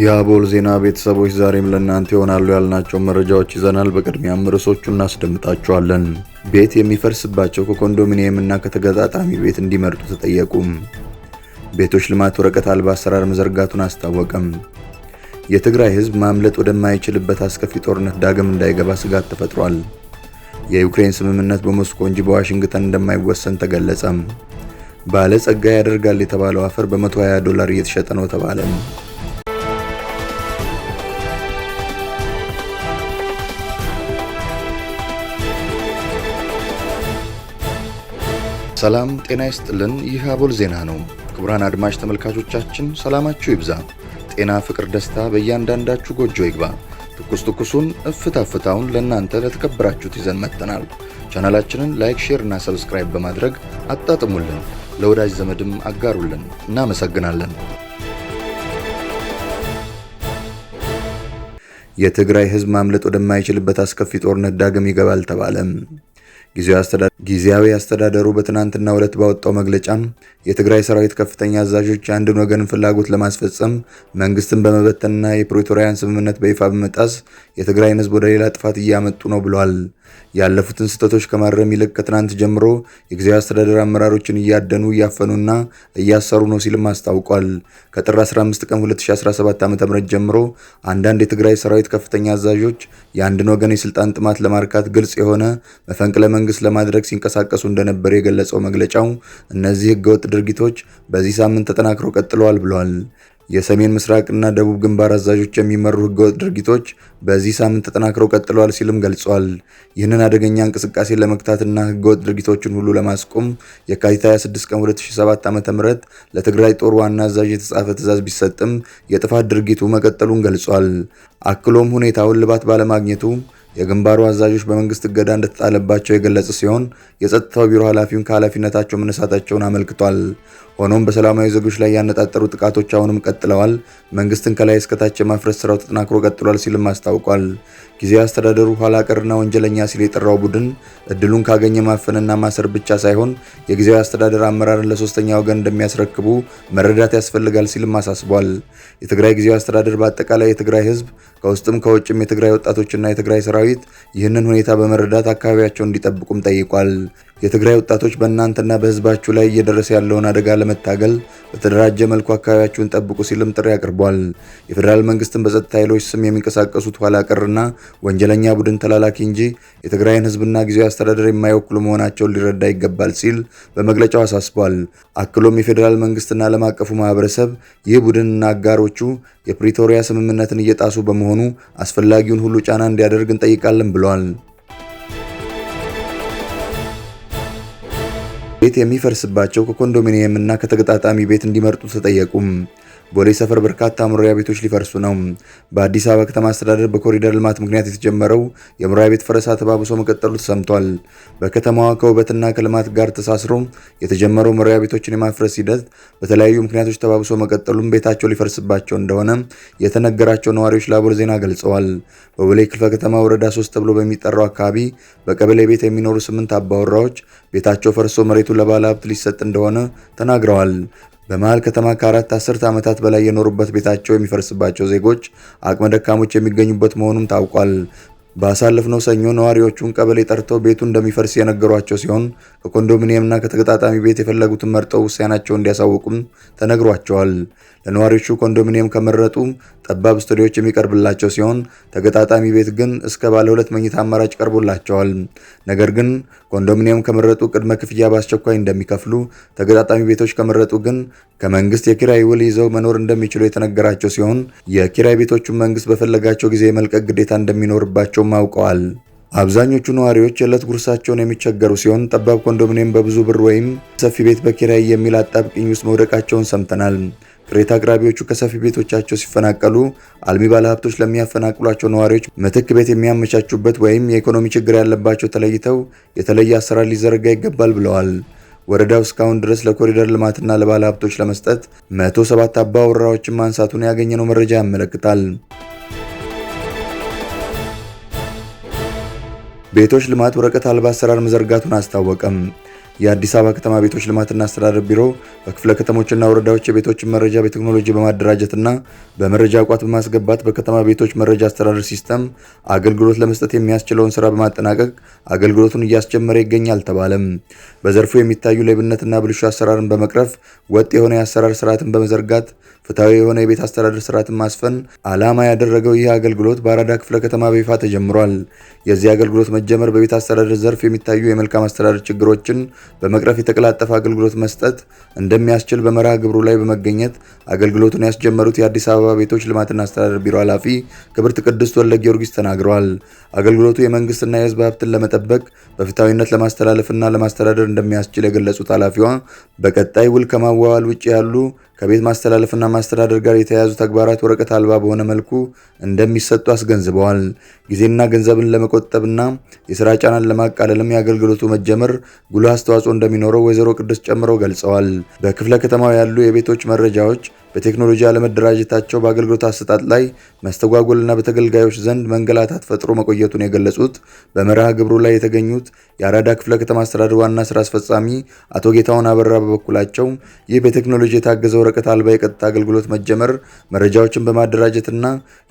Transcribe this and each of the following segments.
የአቦል ዜና ቤተሰቦች ዛሬም ለእናንተ ይሆናሉ ያልናቸው መረጃዎች ይዘናል። በቅድሚያም ርዕሶቹ እናስደምጣቸዋለን። ቤት የሚፈርስባቸው ከኮንዶሚኒየም እና ከተገጣጣሚ ቤት እንዲመርጡ ተጠየቁም። ቤቶች ልማት ወረቀት አልባ አሰራር መዘርጋቱን አስታወቀም። የትግራይ ሕዝብ ማምለጥ ወደማይችልበት አስከፊ ጦርነት ዳግም እንዳይገባ ስጋት ተፈጥሯል። የዩክሬን ስምምነት በሞስኮ እንጂ በዋሽንግተን እንደማይወሰን ተገለጸም። ባለጸጋ ያደርጋል የተባለው አፈር በ120 ዶላር እየተሸጠ ነው ተባለም። ሰላም ጤና ይስጥልን። ይህ አቦል ዜና ነው። ክቡራን አድማጭ ተመልካቾቻችን ሰላማችሁ ይብዛ፣ ጤና፣ ፍቅር፣ ደስታ በእያንዳንዳችሁ ጎጆ ይግባ። ትኩስ ትኩሱን እፍታ ፍታውን ለእናንተ ለተከበራችሁት ይዘን መጥተናል። ቻናላችንን ላይክ፣ ሼር እና ሰብስክራይብ በማድረግ አጣጥሙልን፣ ለወዳጅ ዘመድም አጋሩልን። እናመሰግናለን። የትግራይ ህዝብ ማምለጥ ወደማይችልበት አስከፊ ጦርነት ዳግም ይገባል ተባለም። ጊዜያዊ አስተዳደሩ በትናንትናው ዕለት ባወጣው መግለጫ የትግራይ ሰራዊት ከፍተኛ አዛዦች የአንድን ወገን ፍላጎት ለማስፈጸም መንግስትን በመበተንና የፕሪቶሪያን ስምምነት በይፋ በመጣስ የትግራይን ህዝብ ወደ ሌላ ጥፋት እያመጡ ነው ብሏል። ያለፉትን ስህተቶች ከማረም ይልቅ ከትናንት ጀምሮ የጊዜያዊ አስተዳደር አመራሮችን እያደኑ እያፈኑና እያሰሩ ነው ሲልም አስታውቋል። ከጥር 15 ቀን 2017 ዓ ም ጀምሮ አንዳንድ የትግራይ ሰራዊት ከፍተኛ አዛዦች የአንድን ወገን የስልጣን ጥማት ለማርካት ግልጽ የሆነ መፈንቅለ መንግስት ለማድረግ ሲንቀሳቀሱ እንደነበር የገለጸው መግለጫው እነዚህ ህገወጥ ድርጊቶች በዚህ ሳምንት ተጠናክረው ቀጥለዋል ብሏል። የሰሜን ምስራቅና ደቡብ ግንባር አዛዦች የሚመሩ ህገወጥ ድርጊቶች በዚህ ሳምንት ተጠናክረው ቀጥለዋል ሲልም ገልጿል። ይህንን አደገኛ እንቅስቃሴ ለመግታትና ህገወጥ ድርጊቶችን ሁሉ ለማስቆም የካቲት 26 ቀን 2007 ዓ.ም ለትግራይ ጦር ዋና አዛዥ የተጻፈ ትዕዛዝ ቢሰጥም የጥፋት ድርጊቱ መቀጠሉን ገልጿል። አክሎም ሁኔታውን ልባት ባለማግኘቱ የግንባሩ አዛዦች በመንግስት እገዳ እንደተጣለባቸው የገለጸ ሲሆን የጸጥታው ቢሮ ኃላፊውን ከኃላፊነታቸው መነሳታቸውን አመልክቷል። ሆኖም በሰላማዊ ዜጎች ላይ ያነጣጠሩ ጥቃቶች አሁንም ቀጥለዋል። መንግስትን ከላይ እስከታች የማፍረስ ስራው ተጠናክሮ ቀጥሏል ሲልም አስታውቋል። ጊዜ አስተዳደሩ ኋላ ቀርና ወንጀለኛ ሲል የጠራው ቡድን እድሉን ካገኘ ማፈንና ማሰር ብቻ ሳይሆን የጊዜያዊ አስተዳደር አመራርን ለሶስተኛ ወገን እንደሚያስረክቡ መረዳት ያስፈልጋል ሲልም አሳስቧል። የትግራይ ጊዜያዊ አስተዳደር በአጠቃላይ የትግራይ ህዝብ ከውስጥም ከውጭም የትግራይ ወጣቶችና የትግራይ ሰራዊት ይህንን ሁኔታ በመረዳት አካባቢያቸውን እንዲጠብቁም ጠይቋል። የትግራይ ወጣቶች በእናንተና በህዝባችሁ ላይ እየደረሰ ያለውን አደጋ ለመታገል በተደራጀ መልኩ አካባቢያችሁን ጠብቁ ሲልም ጥሪ አቅርቧል። የፌዴራል መንግስትም በጸጥታ ኃይሎች ስም የሚንቀሳቀሱት ኋላ ቀርና ወንጀለኛ ቡድን ተላላኪ እንጂ የትግራይን ህዝብና ጊዜያዊ አስተዳደር የማይወክሉ መሆናቸውን ሊረዳ ይገባል ሲል በመግለጫው አሳስቧል። አክሎም የፌዴራል መንግስትና ዓለም አቀፉ ማህበረሰብ ይህ ቡድንና አጋሮቹ የፕሪቶሪያ ስምምነትን እየጣሱ በመሆኑ አስፈላጊውን ሁሉ ጫና እንዲያደርግ እንጠይቃለን ብለዋል። ቤት የሚፈርስባቸው ከኮንዶሚኒየምና ከተገጣጣሚ ቤት እንዲመርጡ ተጠየቁም። ቦሌ ሰፈር በርካታ መኖሪያ ቤቶች ሊፈርሱ ነው። በአዲስ አበባ ከተማ አስተዳደር በኮሪደር ልማት ምክንያት የተጀመረው የመኖሪያ ቤት ፈረሳ ተባብሶ መቀጠሉ ተሰምቷል። በከተማዋ ከውበትና ከልማት ጋር ተሳስሮ የተጀመረው መኖሪያ ቤቶችን የማፍረስ ሂደት በተለያዩ ምክንያቶች ተባብሶ መቀጠሉም ቤታቸው ሊፈርስባቸው እንደሆነ የተነገራቸው ነዋሪዎች ለአቦል ዜና ገልጸዋል። በቦሌ ክፍለ ከተማ ወረዳ 3 ተብሎ በሚጠራው አካባቢ በቀበሌ ቤት የሚኖሩ ስምንት አባወራዎች ቤታቸው ፈርሶ መሬቱ ለባለ ሀብት ሊሰጥ እንደሆነ ተናግረዋል። በመሃል ከተማ ከአራት አስርት ዓመታት በላይ የኖሩበት ቤታቸው የሚፈርስባቸው ዜጎች አቅመ ደካሞች የሚገኙበት መሆኑም ታውቋል። ባሳለፍነው ሰኞ ነዋሪዎቹን ቀበሌ ጠርተው ቤቱ እንደሚፈርስ የነገሯቸው ሲሆን ከኮንዶሚኒየምና ከተገጣጣሚ ቤት የፈለጉትን መርጠው ውሳኔያቸውን እንዲያሳውቁም ተነግሯቸዋል። ለነዋሪዎቹ ኮንዶሚኒየም ከመረጡ ጠባብ ስቱዲዮዎች የሚቀርብላቸው ሲሆን ተገጣጣሚ ቤት ግን እስከ ባለ ሁለት መኝታ አማራጭ ቀርቦላቸዋል። ነገር ግን ኮንዶሚኒየም ከመረጡ ቅድመ ክፍያ በአስቸኳይ እንደሚከፍሉ፣ ተገጣጣሚ ቤቶች ከመረጡ ግን ከመንግስት የኪራይ ውል ይዘው መኖር እንደሚችሉ የተነገራቸው ሲሆን የኪራይ ቤቶቹን መንግስት በፈለጋቸው ጊዜ የመልቀቅ ግዴታ እንደሚኖርባቸው መሆናቸውም አውቀዋል። አብዛኞቹ ነዋሪዎች የዕለት ጉርሳቸውን የሚቸገሩ ሲሆን ጠባብ ኮንዶሚኒየም በብዙ ብር ወይም ሰፊ ቤት በኪራይ የሚል አጣብቅኝ ውስጥ መውደቃቸውን ሰምተናል። ቅሬታ አቅራቢዎቹ ከሰፊ ቤቶቻቸው ሲፈናቀሉ አልሚ ባለሀብቶች ለሚያፈናቅሏቸው ነዋሪዎች ምትክ ቤት የሚያመቻቹበት ወይም የኢኮኖሚ ችግር ያለባቸው ተለይተው የተለየ አሰራር ሊዘረጋ ይገባል ብለዋል። ወረዳው እስካሁን ድረስ ለኮሪደር ልማትና ለባለሀብቶች ለመስጠት 107 አባወራዎችን ማንሳቱን ያገኘነው መረጃ ያመለክታል። ቤቶች ልማት ወረቀት አልባ አሰራር መዘርጋቱን አስታወቀም። የአዲስ አበባ ከተማ ቤቶች ልማትና አስተዳደር ቢሮ በክፍለ ከተሞችና ወረዳዎች የቤቶችን መረጃ በቴክኖሎጂ በማደራጀትና በመረጃ ቋት በማስገባት በከተማ ቤቶች መረጃ አስተዳደር ሲስተም አገልግሎት ለመስጠት የሚያስችለውን ስራ በማጠናቀቅ አገልግሎቱን እያስጀመረ ይገኛል ተባለም። በዘርፉ የሚታዩ ሌብነትና ብልሹ አሰራርን በመቅረፍ ወጥ የሆነ የአሰራር ስርዓትን በመዘርጋት ፍትሐዊ የሆነ የቤት አስተዳደር ስርዓትን ማስፈን ዓላማ ያደረገው ይህ አገልግሎት በአራዳ ክፍለ ከተማ በይፋ ተጀምሯል። የዚህ አገልግሎት መጀመር በቤት አስተዳደር ዘርፍ የሚታዩ የመልካም አስተዳደር ችግሮችን በመቅረፍ የተቀላጠፈ አገልግሎት መስጠት እንደሚያስችል በመርሃ ግብሩ ላይ በመገኘት አገልግሎቱን ያስጀመሩት የአዲስ አበባ ቤቶች ልማትና አስተዳደር ቢሮ ኃላፊ ክብርት ቅድስት ወልደ ጊዮርጊስ ተናግረዋል። አገልግሎቱ የመንግስትና የህዝብ ሀብትን ለመጠበቅ በፍትሐዊነት ለማስተላለፍና ለማስተዳደር እንደሚያስችል የገለጹት ኃላፊዋ በቀጣይ ውል ከማዋዋል ውጭ ያሉ ከቤት ማስተላለፍና ማስተዳደር ጋር የተያያዙ ተግባራት ወረቀት አልባ በሆነ መልኩ እንደሚሰጡ አስገንዝበዋል። ጊዜና ገንዘብን ለመቆጠብና የስራ ጫናን ለማቃለልም የአገልግሎቱ መጀመር ጉልህ አስተዋጽኦ እንደሚኖረው ወይዘሮ ቅዱስ ጨምረው ገልጸዋል። በክፍለ ከተማው ያሉ የቤቶች መረጃዎች በቴክኖሎጂ አለመደራጀታቸው በአገልግሎት አሰጣጥ ላይ መስተጓጎልና በተገልጋዮች ዘንድ መንገላታት ፈጥሮ መቆየቱን የገለጹት በመርሃ ግብሩ ላይ የተገኙት የአራዳ ክፍለ ከተማ አስተዳደር ዋና ስራ አስፈጻሚ አቶ ጌታውን አበራ በበኩላቸው ይህ በቴክኖሎጂ የታገዘ ወረቀት አልባ የቀጥታ አገልግሎት መጀመር መረጃዎችን በማደራጀትና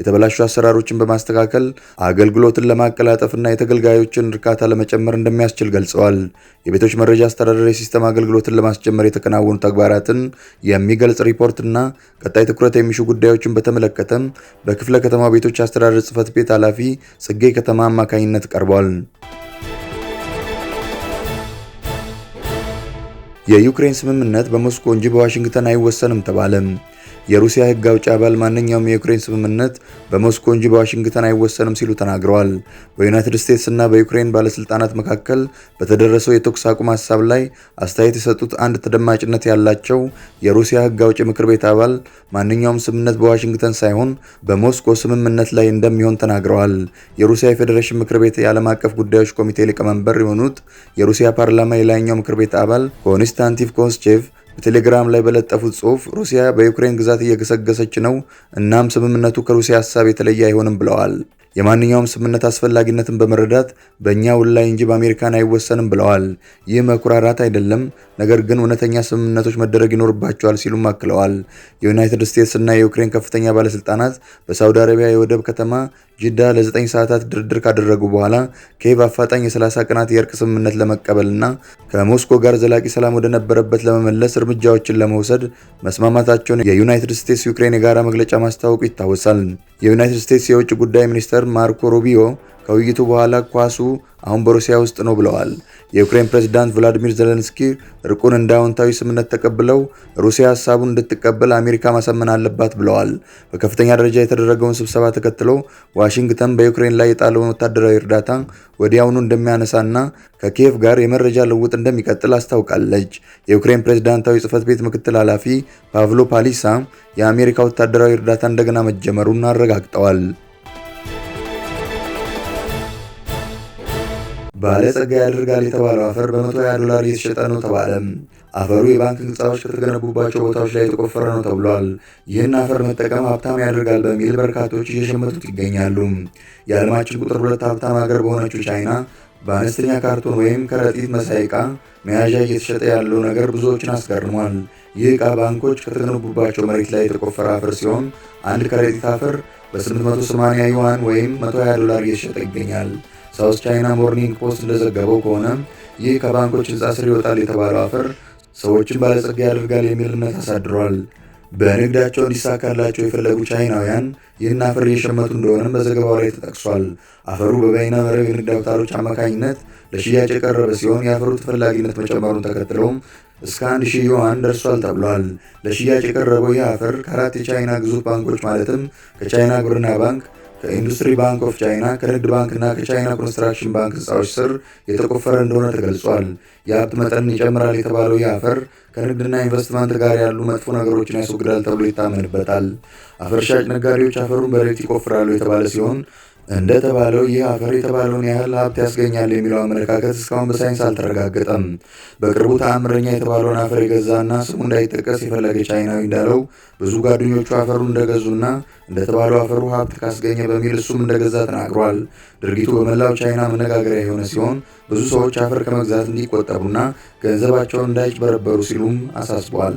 የተበላሹ አሰራሮችን በማስተካከል አገልግሎትን ለማቀላጠፍና የተገልጋዮችን እርካታ ለመጨመር እንደሚያስችል ገልጸዋል። የቤቶች መረጃ አስተዳደር የሲስተም አገልግሎትን ለማስጀመር የተከናወኑ ተግባራትን የሚገልጽ ሪፖርትና ቀጣይ ትኩረት የሚሹ ጉዳዮችን በተመለከተም በክፍለ ከተማ ቤቶች አስተዳደር ጽህፈት ቤት ኃላፊ ጽጌ ከተማ አማካኝነት ቀርቧል። የዩክሬን ስምምነት በሞስኮ እንጂ በዋሽንግተን አይወሰንም ተባለም። የሩሲያ ህግ አውጪ አባል ማንኛውም የዩክሬን ስምምነት በሞስኮ እንጂ በዋሽንግተን አይወሰንም ሲሉ ተናግረዋል። በዩናይትድ ስቴትስ እና በዩክሬን ባለስልጣናት መካከል በተደረሰው የተኩስ አቁም ሀሳብ ላይ አስተያየት የሰጡት አንድ ተደማጭነት ያላቸው የሩሲያ ህግ አውጪ ምክር ቤት አባል ማንኛውም ስምምነት በዋሽንግተን ሳይሆን በሞስኮ ስምምነት ላይ እንደሚሆን ተናግረዋል። የሩሲያ የፌዴሬሽን ምክር ቤት የዓለም አቀፍ ጉዳዮች ኮሚቴ ሊቀመንበር የሆኑት የሩሲያ ፓርላማ የላይኛው ምክር ቤት አባል ኮንስታንቲቭ ኮንስቼቭ በቴሌግራም ላይ በለጠፉት ጽሁፍ ሩሲያ በዩክሬን ግዛት እየገሰገሰች ነው፣ እናም ስምምነቱ ከሩሲያ ሀሳብ የተለየ አይሆንም ብለዋል። የማንኛውም ስምምነት አስፈላጊነትን በመረዳት በእኛ ውላይ እንጂ በአሜሪካን አይወሰንም ብለዋል። ይህ መኩራራት አይደለም፣ ነገር ግን እውነተኛ ስምምነቶች መደረግ ይኖርባቸዋል ሲሉም አክለዋል። የዩናይትድ ስቴትስ እና የዩክሬን ከፍተኛ ባለስልጣናት በሳውዲ አረቢያ የወደብ ከተማ ጅዳ ለ9 ሰዓታት ድርድር ካደረጉ በኋላ ኬቭ አፋጣኝ የ30 ቀናት የእርቅ ስምምነት ለመቀበልና ከሞስኮ ጋር ዘላቂ ሰላም ወደነበረበት ለመመለስ እርምጃዎችን ለመውሰድ መስማማታቸውን የዩናይትድ ስቴትስ ዩክሬን የጋራ መግለጫ ማስታወቁ ይታወሳል። የዩናይትድ ስቴትስ የውጭ ጉዳይ ሚኒስተር ሚኒስትር ማርኮ ሩቢዮ ከውይይቱ በኋላ ኳሱ አሁን በሩሲያ ውስጥ ነው ብለዋል። የዩክሬን ፕሬዝዳንት ቭላዲሚር ዜሌንስኪ እርቁን እንደ አዎንታዊ ስምነት ተቀብለው ሩሲያ ሀሳቡን እንድትቀበል አሜሪካ ማሳመን አለባት ብለዋል። በከፍተኛ ደረጃ የተደረገውን ስብሰባ ተከትሎ ዋሽንግተን በዩክሬን ላይ የጣለውን ወታደራዊ እርዳታ ወዲያውኑ እንደሚያነሳና ከኪየቭ ጋር የመረጃ ልውጥ እንደሚቀጥል አስታውቃለች። የዩክሬን ፕሬዝዳንታዊ ጽህፈት ቤት ምክትል ኃላፊ ፓቭሎ ፓሊሳ የአሜሪካ ወታደራዊ እርዳታ እንደገና መጀመሩን አረጋግጠዋል። ባለጸጋ ያደርጋል የተባለው አፈር በመቶ ሀያ ዶላር እየተሸጠ ነው ተባለ። አፈሩ የባንክ ህንፃዎች ከተገነቡባቸው ቦታዎች ላይ የተቆፈረ ነው ተብሏል። ይህን አፈር መጠቀም ሀብታም ያደርጋል በሚል በርካቶች እየሸመቱት ይገኛሉ። የዓለማችን ቁጥር ሁለት ሀብታም ሀገር በሆነችው ቻይና በአነስተኛ ካርቶን ወይም ከረጢት መሳይ ዕቃ መያዣ እየተሸጠ ያለው ነገር ብዙዎችን አስገርሟል። ይህ ዕቃ ባንኮች ከተገነቡባቸው መሬት ላይ የተቆፈረ አፈር ሲሆን አንድ ከረጢት አፈር በ880 ዩዋን ወይም 120 ዶላር እየተሸጠ ይገኛል። ሳውስ ቻይና ሞርኒንግ ፖስት እንደዘገበው ከሆነ ይህ ከባንኮች ህንፃ ስር ይወጣል የተባለው አፈር ሰዎችን ባለጸጋ ያደርጋል የሚል እምነት አሳድሯል። በንግዳቸው እንዲሳካላቸው የፈለጉ ቻይናውያን ይህን አፈር እየሸመቱ እንደሆነም በዘገባው ላይ ተጠቅሷል። አፈሩ በበይነ መረብ የንግድ አውታሮች አማካኝነት ለሽያጭ የቀረበ ሲሆን የአፈሩ ተፈላጊነት መጨመሩን ተከትለውም እስከ አንድ ሺህ ዩዋን ደርሷል ተብሏል። ለሽያጭ የቀረበው ይህ አፈር ከአራት የቻይና ግዙፍ ባንኮች ማለትም ከቻይና ግብርና ባንክ ከኢንዱስትሪ ባንክ ኦፍ ቻይና ከንግድ ባንክና ከቻይና ኮንስትራክሽን ባንክ ህንፃዎች ስር የተቆፈረ እንደሆነ ተገልጿል። የሀብት መጠን ይጨምራል የተባለው የአፈር ከንግድና ኢንቨስትመንት ጋር ያሉ መጥፎ ነገሮችን ያስወግዳል ተብሎ ይታመንበታል። አፈር ሻጭ ነጋዴዎች አፈሩን በሬት ይቆፍራሉ የተባለ ሲሆን እንደተባለው ይህ አፈር የተባለውን ያህል ሀብት ያስገኛል የሚለው አመለካከት እስካሁን በሳይንስ አልተረጋገጠም። በቅርቡ ተአምረኛ የተባለውን አፈር የገዛና ስሙ እንዳይጠቀስ የፈለገ ቻይናዊ እንዳለው ብዙ ጓደኞቹ አፈሩን እንደገዙና እንደተባለው አፈሩ ሀብት ካስገኘ በሚል እሱም እንደገዛ ተናግሯል። ድርጊቱ በመላው ቻይና መነጋገሪያ የሆነ ሲሆን ብዙ ሰዎች አፈር ከመግዛት እንዲቆጠቡና ገንዘባቸውን እንዳይጭበረበሩ ሲሉም አሳስቧል።